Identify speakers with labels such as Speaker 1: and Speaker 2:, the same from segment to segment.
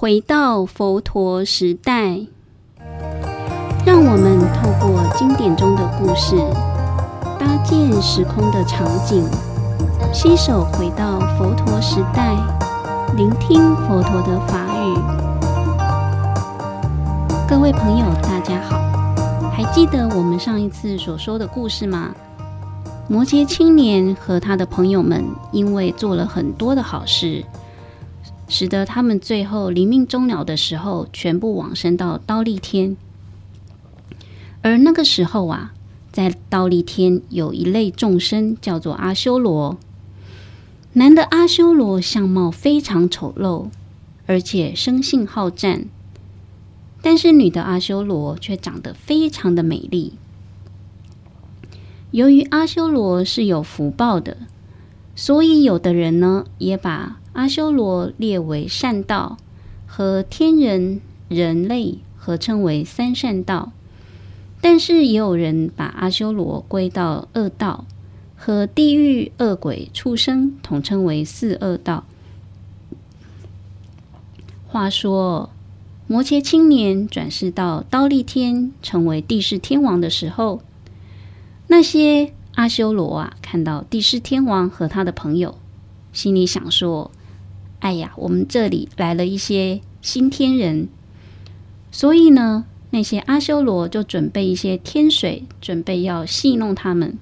Speaker 1: 回到佛陀時代，讓我們透過經典中的故事，搭建時空的場景，攜手回到佛陀時代，聆聽佛陀的法語。各位朋友，大家好，還記得我們上一次所說的故事嗎？摩羯青年和他的朋友們，因為做了很多的好事。使得他們最後臨命終了的時候，全部往生到忉利天。而那個時候啊，在忉利天有一類眾生叫做阿修羅。男的阿修羅相貌非常醜陋，而且生性好戰；但是女的阿修羅卻長得非常的美麗。由於阿修羅是有福報的，所以有的人呢，也把。阿修羅列為善道，和天人、人類合稱為三善道。但是也有人把阿修羅歸到惡道，和地獄、惡鬼、畜生統稱為四惡道。話說，摩揭青年轉世到忉利天，成為帝釋天王的時候，那些阿修羅啊，看到帝釋天王和他的朋友，心裡想說。哎呀，我們這裡來了一些新天人，所以呢，那些阿修羅就準備一些天水，準備要戲弄他們。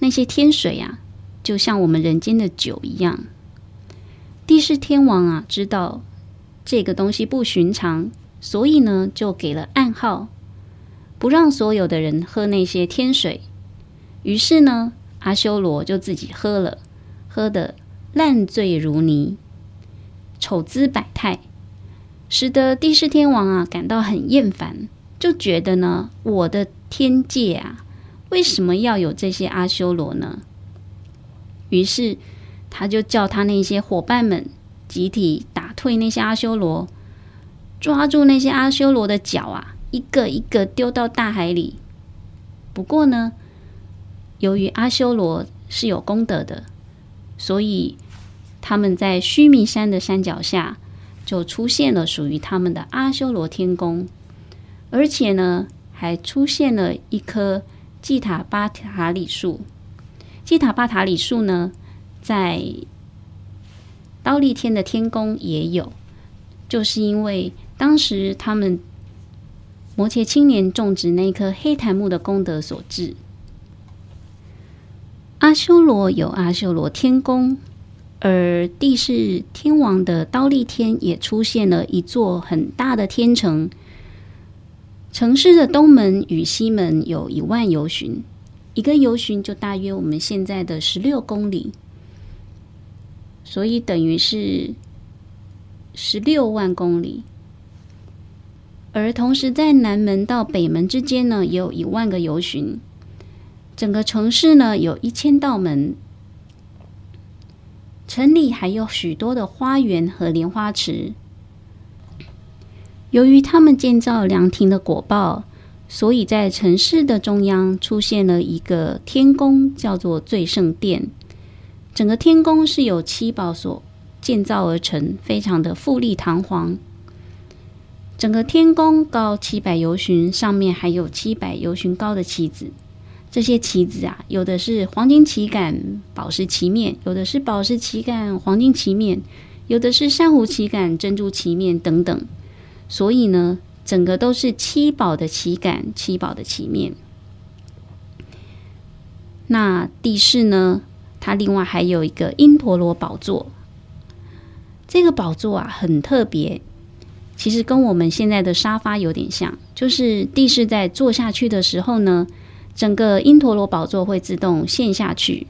Speaker 1: 那些天水啊，就像我們人間的酒一樣。帝釋天王啊，知道這個東西不尋常，所以呢，就給了暗號，不讓所有的人喝那些天水。於是呢，阿修羅就自己喝了，喝的。爛醉如泥，醜姿百態，使得帝釋天王啊感到很厭煩，就覺得呢，我的天界啊，為什麼要有這些阿修羅呢？於是他就叫他那些夥伴們集體打退那些阿修羅，抓住那些阿修羅的腳啊，一個一個丟到大海裡。不過呢，由於阿修羅是有功德的，所以。他們在須彌山的山腳下，就出現了屬於他們的阿修羅天宮，而且呢，還出現了一棵季塔巴塔里樹。季塔巴塔里樹呢，在忉利天的天宮也有，就是因為當時他們摩羯青年種植那棵黑檀木的功德所致。阿修羅有阿修羅天宮。而帝釋天王的忉利天也出現了一座很大的天城，城市的東門與西門有一萬由旬，一個由旬就大約我們現在的十六公里，所以等於是十六萬公里。而同時在南門到北門之間呢，也有一萬個由旬，整個城市呢有一千道門。城裡還有許多的花園和蓮花池。由於他們建造了涼亭的果報，所以在城市的中央出現了一個天宮，叫做最勝殿。整個天宮是由七寶所建造而成，非常的富麗堂皇。整個天宮高七百由旬，上面還有七百由旬高的旗子。這些旗子啊，有的是黃金旗桿、寶石旗面，有的是寶石旗桿、黃金旗面，有的是珊瑚旗桿、珍珠旗面等等。所以呢，整個都是七寶的旗桿、七寶的旗面。那帝釋呢，它另外還有一個音婆羅寶座。這個寶座啊，很特別，其實跟我們現在的沙發有點像，就是帝釋在坐下去的時候呢。整個因陀羅寶座會自動陷下去，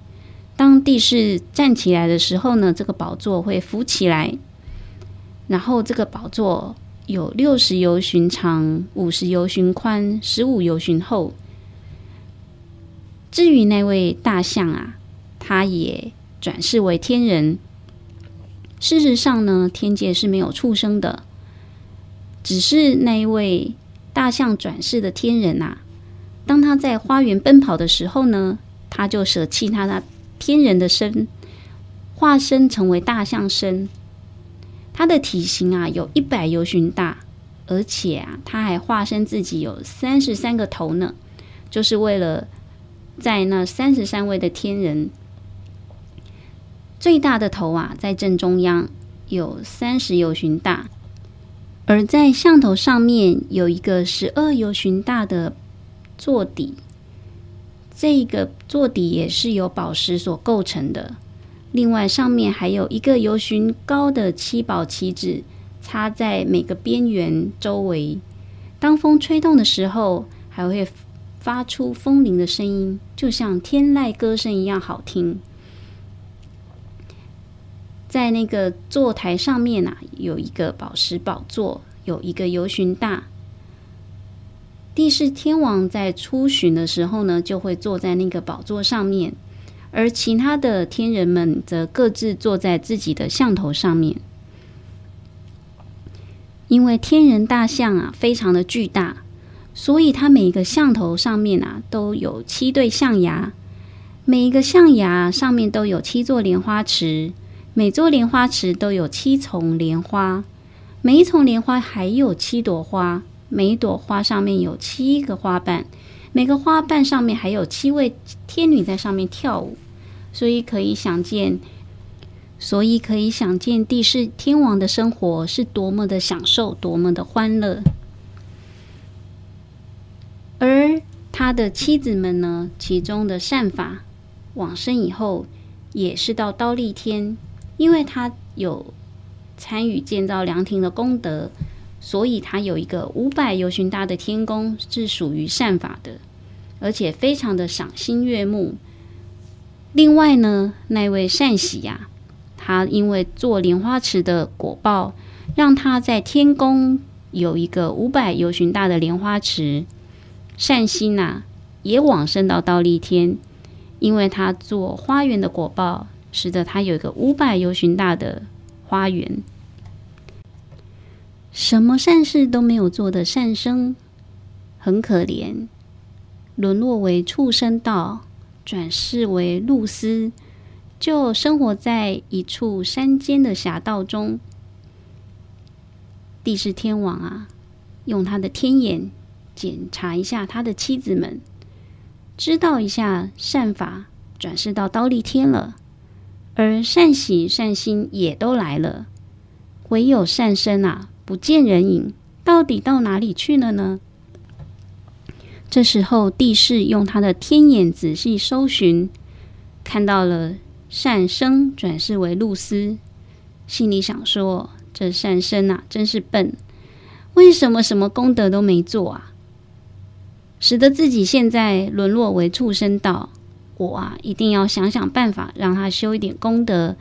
Speaker 1: 當帝釋站起來的時候呢，這個寶座會浮起來。然後這個寶座有六十由旬長、五十由旬寬、十五由旬厚。至於那位大象啊，牠也轉世為天人。事實上呢，天界是沒有畜生的，只是那位大象轉世的天人吶、啊。當他在花園奔跑的時候呢，他就捨棄他那天人的身，化身成為大象身。他的體型啊，有一百由旬大，而且啊，他還化身自己有三十三個頭呢，就是為了在那三十三位的天人。最大的頭啊，在正中央有三十由旬大，而在象頭上面有一個十二由旬大的。座底，這個座底也是由寶石所構成的。另外，上面還有一個由旬高的七寶旗幟插在每個邊緣周圍。當風吹動的時候，還會發出風鈴的聲音，就像天籟歌聲一樣好聽。在那個坐台上面吶、啊，有一個寶石寶座，有一個由旬大。帝釋天王在出巡的時候呢，就會坐在那個寶座上面，而其他的天人們則各自坐在自己的象頭上面。因為天人大象啊非常的巨大，所以它每一個象頭上面啊都有七對象牙，每一個象牙上面都有七座蓮花池，每座蓮花池都有七叢蓮花，每一叢蓮花還有七朵花。每一朵花上面有七個花瓣，每個花瓣上面還有七位天女在上面跳舞，所以可以想見，所以可以想見帝釋天王的生活是多麼的享受，多麼的歡樂。而他的妻子們呢，其中的善法往生以後，也是到忉利天，因為他有參與建造涼亭的功德。所以，他有一個五百由旬大的天宮，是屬於善法的，而且非常的賞心悅目。另外呢，那位善喜呀、啊，他因為做蓮花池的果報，讓他在天宮有一個五百由旬大的蓮花池。善心吶、啊，也往生到忉利天，因為他做花園的果報，使得他有一個五百由旬大的花園。什麼善事都沒有做的善生，很可憐，淪落為畜生道，轉世為鷺鷥，就生活在一處山間的狹道中。帝釋天王啊，用他的天眼檢查一下他的妻子們，知道一下善法轉世到忉利天了，而善喜善心也都來了，唯有善生啊。不見人影，到底到哪裡去了呢？這時候，帝釋用他的天眼仔細搜尋，看到了善生轉世為鷺鷥，心裡想說：“這善生吶、啊，真是笨，為什麼什麼功德都沒做啊？使得自己現在淪落為畜生道。我啊，一定要想想辦法，讓他修一點功德，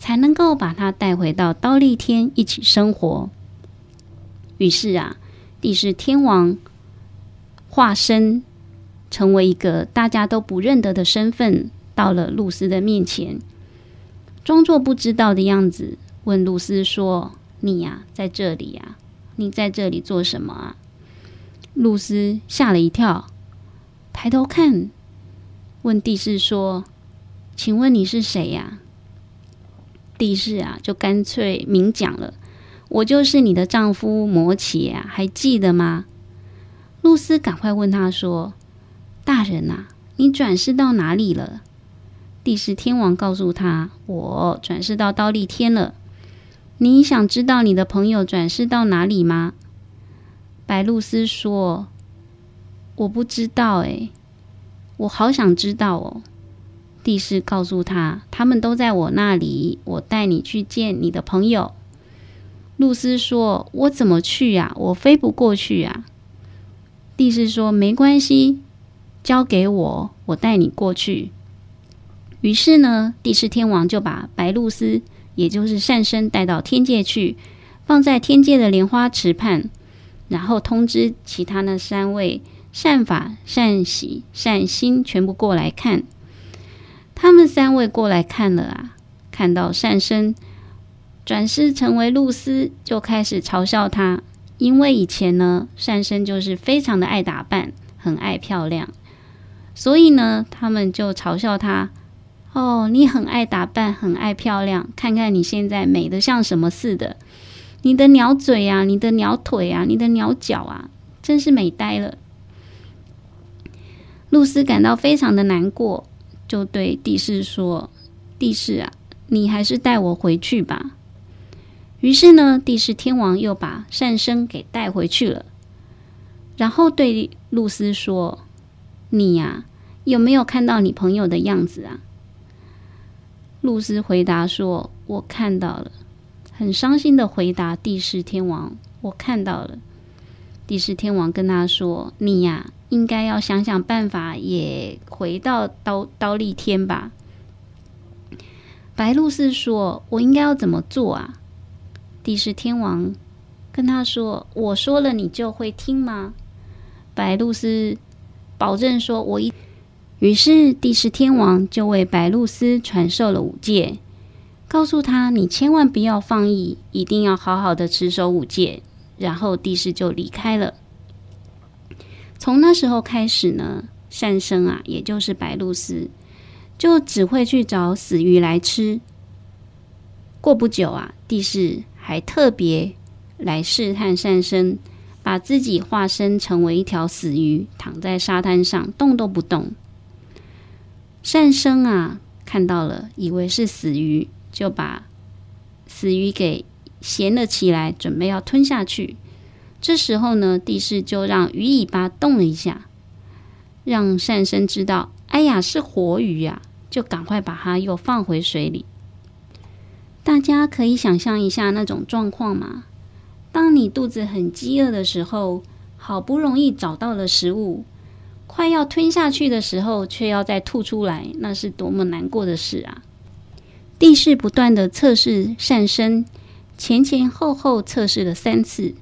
Speaker 1: 才能夠把他帶回到忉利天一起生活。”於是啊，帝釋天王化身成為一個大家都不認得的身份，到了露絲的面前，裝作不知道的樣子，問露絲說：“你呀、啊，在這裡呀、啊，你在這裡做什麼啊？”露絲嚇了一跳，抬頭看，問帝釋說：“請問你是誰呀、啊？”帝釋啊，就乾脆明講了。我就是你的丈夫摩奇啊，還記得嗎？露絲趕快問他說：“大人吶、啊，你轉世到哪裡了？”帝釋天王告訴他：“我轉世到忉利天了。”你想知道你的朋友轉世到哪裡嗎？白露絲說：“我不知道哎，我好想知道哦。”帝釋告訴他：“他們都在我那裡，我帶你去見你的朋友。”鷺鷥說：“我怎麼去呀、啊？我飛不過去啊！”帝釋說：“沒關係，交給我，我帶你過去。”於是呢，帝釋天王就把白鷺鷥，也就是善生帶到天界去，放在天界的蓮花池畔，然後通知其他那三位善法、善喜、善心全部過來看。他們三位過來看了啊，看到善生。轉世成為露絲，就開始嘲笑她，因為以前呢，善生就是非常的愛打扮，很愛漂亮，所以呢，他們就嘲笑她：“哦，你很愛打扮，很愛漂亮，看看你現在美得像什麼似的！你的鳥嘴啊，你的鳥腿啊，你的鳥腳啊，真是美呆了。”露絲感到非常的難過，就對帝釋說：“帝釋啊，你還是帶我回去吧。”於是呢，帝釋天王又把善生給帶回去了，然後對露絲說：“你呀、啊，有沒有看到你朋友的樣子啊？”露絲回答說：“我看到了。”很傷心地回答帝釋天王：“我看到了。”帝釋天王跟他說：“你呀、啊，應該要想想辦法，也回到忉忉利天吧。”白露絲說：“我應該要怎麼做啊？”帝釋天王跟他說：“我說了，你就會聽嗎？”白鷺鷥保證說：“我一。”於是帝釋天王就為白鷺鷥傳授了五戒，告訴他：“你千萬不要放逸，一定要好好的持守五戒。”然後帝釋就離開了。從那時候開始呢，善生啊，也就是白鷺鷥，就只會去找死魚來吃。過不久啊，帝釋。還特別來試探善生，把自己化身成為一條死魚，躺在沙灘上動都不動。善生啊，看到了，以為是死魚，就把死魚給銜了起來，準備要吞下去。這時候呢，帝釋就讓魚尾巴動了一下，讓善生知道，哎呀，是活魚呀，啊，就趕快把它又放回水裡。大家可以想象一下那種狀況嘛。當你肚子很飢餓的時候，好不容易找到了食物，快要吞下去的時候，卻要再吐出來，那是多麼難過的事啊！帝釋不斷的測試善生，前前後後測試了三次，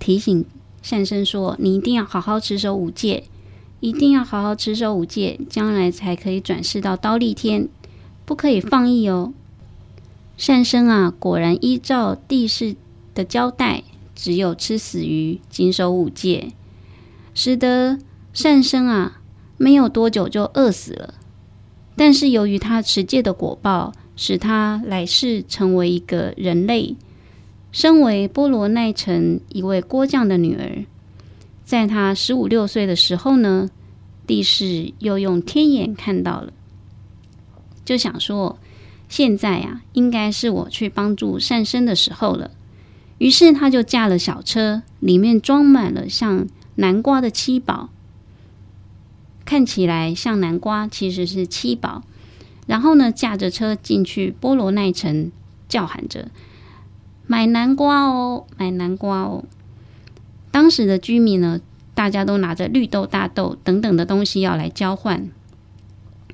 Speaker 1: 提醒善生說：“你一定要好好持守五戒，一定要好好持守五戒，將來才可以轉世到忉利天，不可以放逸哦。”善生啊，果然依照帝釋的交代，只有吃死魚，謹守五戒，使得善生啊，沒有多久就餓死了。但是由於他持戒的果報，使他來世成為一個人類，身為波羅奈城一位鍋匠的女兒，在他十五六歲的時候呢，帝釋又用天眼看到了，就想說。現在呀、啊，應該是我去幫助善生的時候了。於是他就駕了小車，裡面裝滿了像南瓜的七寶，看起來像南瓜，其實是七寶。然後呢，駕着車進去波羅奈城，叫喊着：“買南瓜哦，買南瓜哦！”當時的居民呢，大家都拿着綠豆、大豆等等的東西要來交換。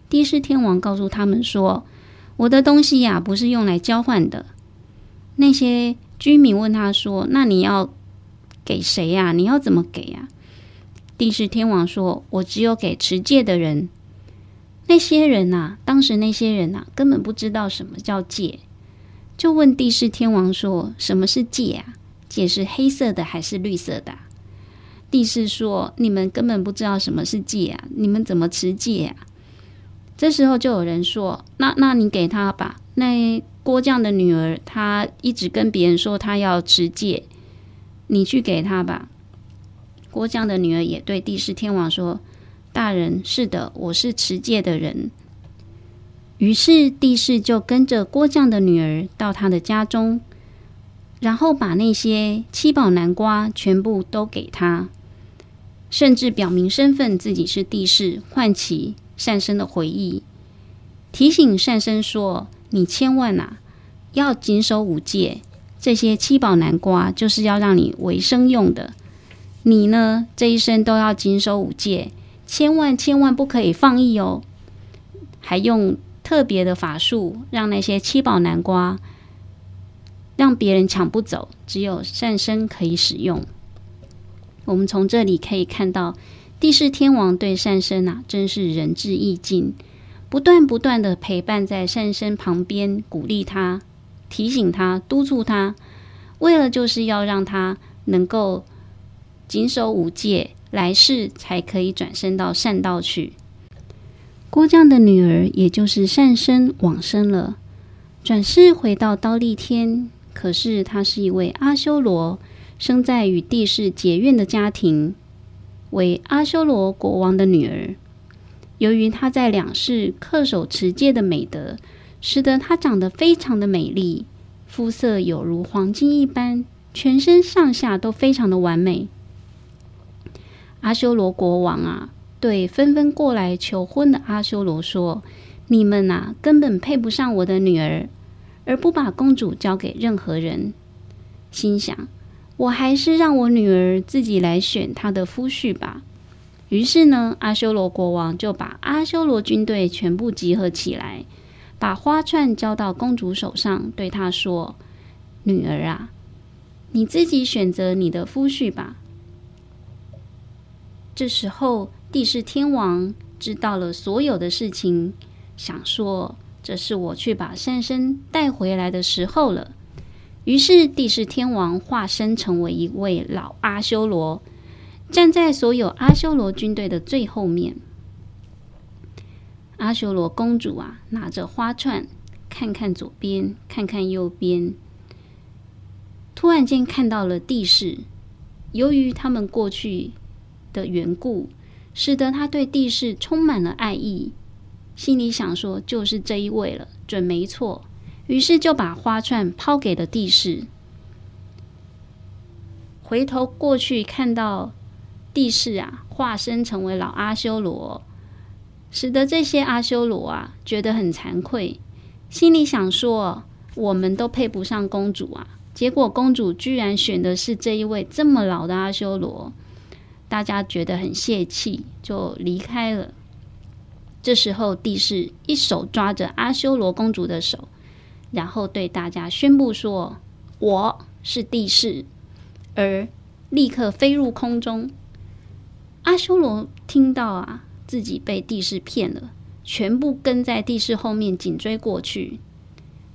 Speaker 1: 帝釋天王告訴他們說。我的東西呀、啊，不是用來交換的。那些居民問他說：“那你要給誰呀、啊？你要怎麼給呀、啊？”帝釋天王說：“我只有給持戒的人。”那些人吶、啊，當時那些人吶、啊，根本不知道什麼叫戒，就問帝釋天王說：“什麼是戒啊？戒是黑色的還是綠色的？”帝釋說：“你們根本不知道什麼是戒啊！你們怎麼持戒啊？”這時候就有人說：“那那你給他吧。”那郭將的女兒，她一直跟別人說她要持戒，你去給他吧。郭將的女兒也對帝釋天王說：“大人，是的，我是持戒的人。”於是帝釋就跟着郭將的女兒到他的家中，然後把那些七寶南瓜全部都給他，甚至表明身份，自己是帝釋桓因。善生的回憶提醒善生說：“你千萬吶、啊，要謹守五戒。這些七寶南瓜就是要讓你為生用的。你呢，這一生都要謹守五戒，千萬千萬不可以放逸哦。還用特別的法術，讓那些七寶南瓜，讓別人搶不走，只有善生可以使用。我們從這裡可以看到。”帝釋天王對善生啊，真是仁至義盡，不斷不斷地陪伴在善生旁邊，鼓勵他、提醒他、督促他，為了就是要讓他能夠謹守五戒，來世才可以轉生到善道去。郭將的女兒，也就是善生往生了，轉世回到忉利天，可是她是一位阿修羅，生在與帝釋結怨的家庭。為阿修羅國王的女兒，由於她在兩世恪守持戒的美德，使得她長得非常的美麗，膚色有如黃金一般，全身上下都非常的完美。阿修羅國王啊，對紛紛過來求婚的阿修羅說：“你們吶、啊，根本配不上我的女兒，而不把公主交給任何人。”心想。我還是讓我女兒自己來選她的夫婿吧。於是呢，阿修羅國王就把阿修羅軍隊全部集合起來，把花串交到公主手上，對她說：“女兒啊，你自己選擇你的夫婿吧。”這時候，帝釋天王知道了所有的事情，想說：“這是我去把善生帶回來的時候了。”於是，帝釋天王化身成為一位老阿修羅，站在所有阿修羅軍隊的最後面。阿修羅公主啊，拿着花串，看看左邊，看看右邊，突然間看到了帝釋，由於他們過去的緣故，使得他對帝釋充滿了愛意，心裡想說：“就是這一位了，準沒錯。”於是就把花串拋給了帝釋，回頭過去看到帝釋啊化身成為老阿修羅，使得這些阿修羅啊覺得很慚愧，心裡想說，我們都配不上公主啊，結果公主居然選的是這一位這麼老的阿修羅，大家覺得很洩氣，就離開了。這時候帝釋一手抓着阿修羅公主的手。然後對大家宣布說：“我是帝釋。”而立刻飛入空中。阿修羅聽到啊，自己被帝釋騙了，全部跟在帝釋後面緊追過去。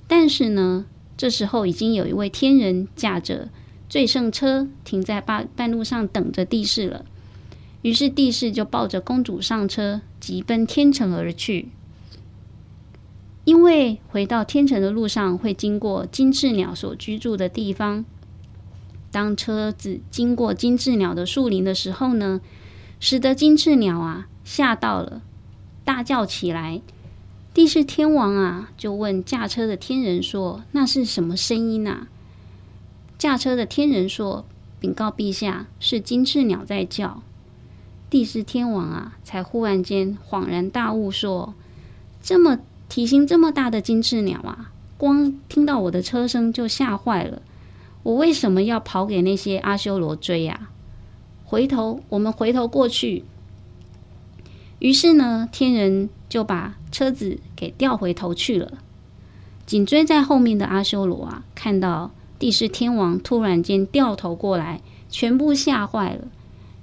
Speaker 1: 但是呢，這時候已經有一位天人駕着最勝車停在半半路上等着帝釋了。於是帝釋就抱着公主上車，急奔天城而去。因為回到天城的路上會經過金翅鳥所居住的地方，當車子經過金翅鳥的樹林的時候呢，使得金翅鳥啊嚇到了，大叫起來。帝釋天王啊，就問駕車的天人說：“那是什麼聲音啊？”駕車的天人說：“稟告陛下，是金翅鳥在叫。”帝釋天王啊，才忽然間恍然大悟說：“這麼。”體型這麼大的金翅鳥啊，光聽到我的車聲就嚇壞了。我為什麼要跑給那些阿修羅追呀、啊？回頭，我們回頭過去。於是呢，天人就把車子給掉回頭去了。緊追在後面的阿修羅啊，看到帝釋天王突然間掉頭過來，全部嚇壞了，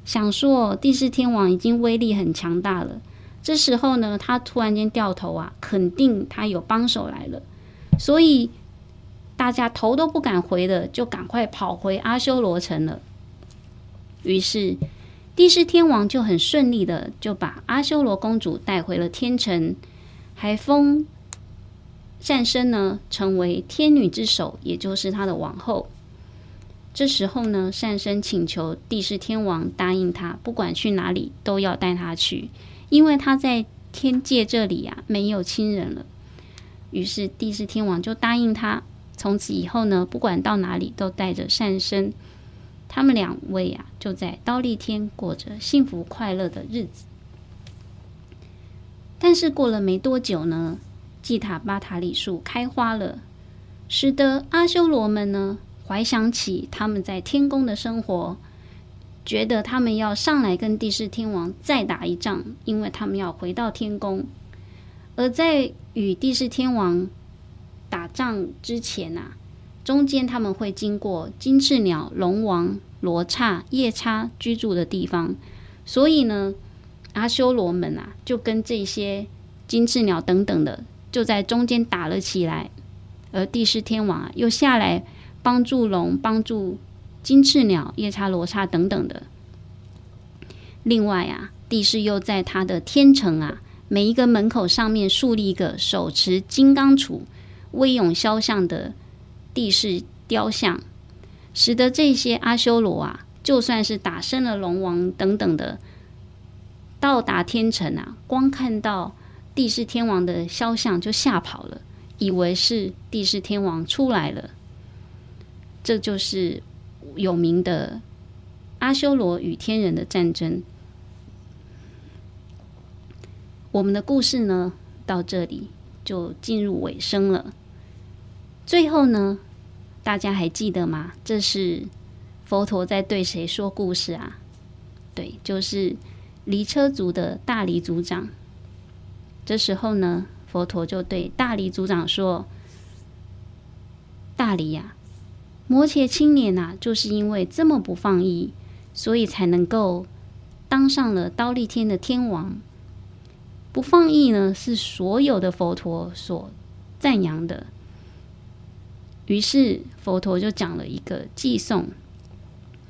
Speaker 1: 想說帝釋天王已經威力很強大了。這時候呢，他突然間掉頭啊，肯定他有幫手來了，所以大家頭都不敢回的，就趕快跑回阿修羅城了。於是帝釋天王就很順利的就把阿修羅公主帶回了天城，還封善生呢成為天女之首，也就是他的王後。這時候呢，善生請求帝釋天王答應他，不管去哪裡都要帶他去。因為他在天界這裡啊，沒有親人了，於是帝釋天王就答應他，從此以後呢，不管到哪裡都帶着善生。他們兩位啊，就在忉利天過着幸福快樂的日子。但是過了沒多久呢，季塔巴塔里樹開花了，使得阿修羅們呢，懷想起他們在天宮的生活。覺得他們要上來跟帝釋天王再打一仗，因為他們要回到天宮。而在與帝釋天王打仗之前啊，中間他們會經過金翅鳥、龍王、羅剎、夜叉居住的地方，所以呢，阿修羅們啊就跟這些金翅鳥等等的就在中間打了起來，而帝釋天王啊又下來幫助龍，幫助。金翅鳥、夜叉、羅剎等等的。另外啊，帝釋又在他的天城啊，每一個門口上面樹立一個手持金剛杵、威勇肖像的帝釋雕像，使得這些阿修羅啊，就算是打勝了龍王等等的，到達天城啊，光看到帝釋天王的肖像就嚇跑了，以為是帝釋天王出來了，這就是。有名的阿修羅與天人的戰爭，我們的故事呢，到這裡就進入尾聲了。最後呢，大家還記得嗎？這是佛陀在對誰說故事啊？對，就是離車族的大離族長。這時候呢，佛陀就對大離族長說：“大離呀、啊。”摩羯青年啊，就是因為這麼不放逸，所以才能夠當上了忉利天的天王。不放逸呢，是所有的佛陀所讚揚的。於是佛陀就講了一個偈頌：“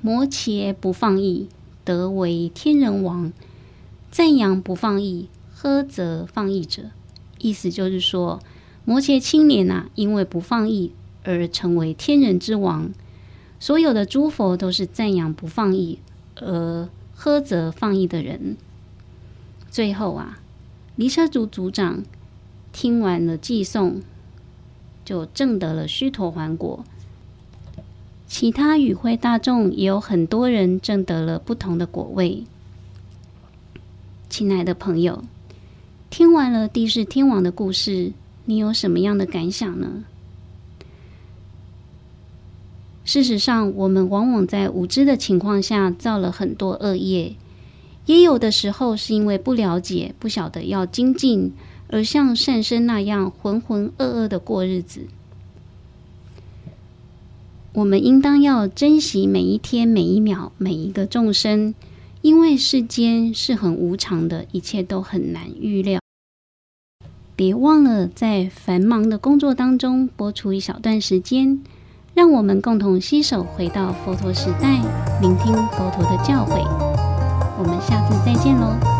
Speaker 1: 摩羯不放逸，得為天人王；讚揚不放逸，呵責放逸者。”意思就是說，摩羯青年吶、啊，因為不放逸。而成為天人之王，所有的諸佛都是讚揚不放逸，而呵責放逸的人。最後啊，離車族族長聽完了偈頌，就證得了須陀洹果。其他與會大眾也有很多人證得了不同的果位。親愛的朋友，聽完了帝釋天王的故事，你有什麼樣的感想呢？事實上，我們往往在無知的情況下造了很多惡業，也有的時候是因為不了解、不曉得要精進，而像善生那樣渾渾噩噩的過日子。我們應當要珍惜每一天、每一秒、每一個眾生，因為世間是很無常的，一切都很難預料。別忘了在繁忙的工作當中，撥出一小段時間。讓我們共同攜手回到佛陀時代，聆聽佛陀的教誨。我們下次再見嘍。